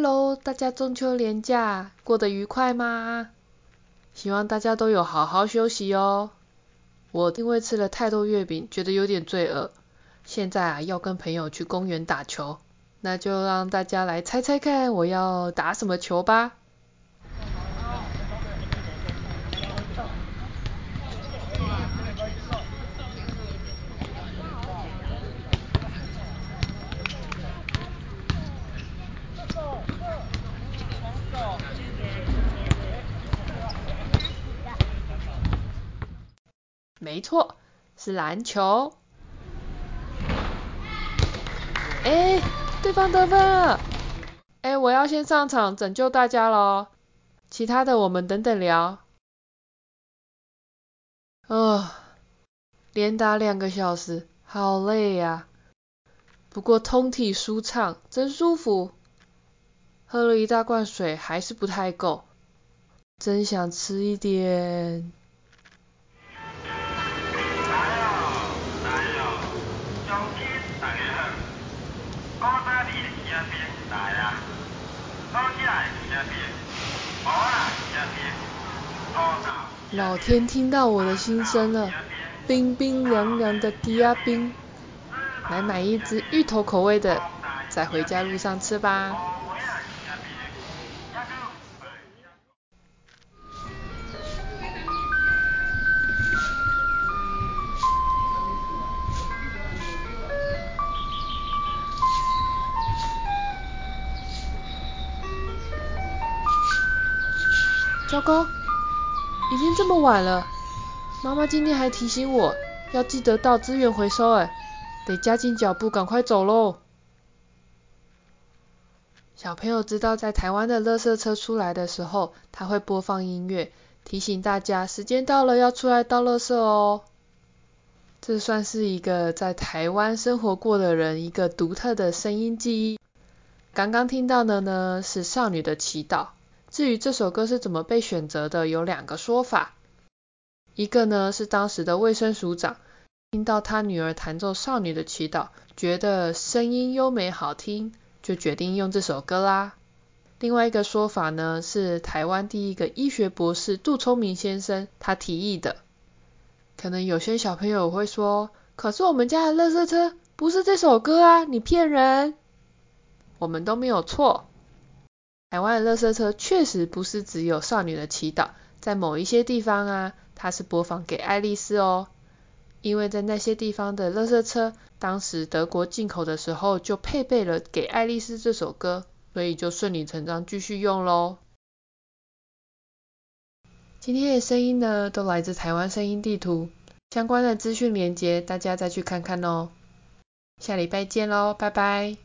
Hello，大家中秋連假過得愉快嗎？希望大家都有好好休息哦。我因為吃了太多月餅，覺得有點罪惡，現在啊，要跟朋友去公園打球，那就讓大家來猜猜看我要打什麼球吧。沒錯，是籃球。哎，對方得分了！哎，我要先上場拯救大家了，其他的我們等等聊。哦，連打兩個小時，好累呀！不過通體舒暢，真舒服。喝了一大罐水，還是不太夠，真想吃一點。老天聽到我的心聲了，冰冰涼涼的枝仔冰，來買一隻芋頭口味的，在回家路上吃吧。糟糕，已經這麼晚了。媽媽今天還提醒我要記得倒資源回收，哎，得加緊腳步，趕快走嘍。小朋友知道在台灣的垃圾車出來的時候，他會播放音樂，提醒大家時間到了要出來倒垃圾哦。這算是一個在台灣生活過的人一個獨特的聲音記憶。剛剛聽到的呢，是少女的祈禱。至於這首歌是怎麼被選擇的，有兩個說法。一個呢是當時的衛生署長聽到他女兒彈奏《少女的祈禱》，覺得聲音優美好聽，就決定用這首歌啦。另外一個說法呢是台灣第一個醫學博士杜聰明先生他提議的。可能有些小朋友會說，可是我們家的垃圾車不是這首歌啊，你騙人。我們都沒有錯。台灣的垃圾車確實不是只有少女的祈禱，在某一些地方啊，它是播放給愛麗絲哦。因為在那些地方的垃圾車，當時德國進口的時候就配備了給愛麗絲這首歌，所以就順理成章繼續用嘍。今天的聲音呢，都來自台灣聲音地圖，相關的資訊連結大家再去看看哦。下禮拜見嘍，拜拜。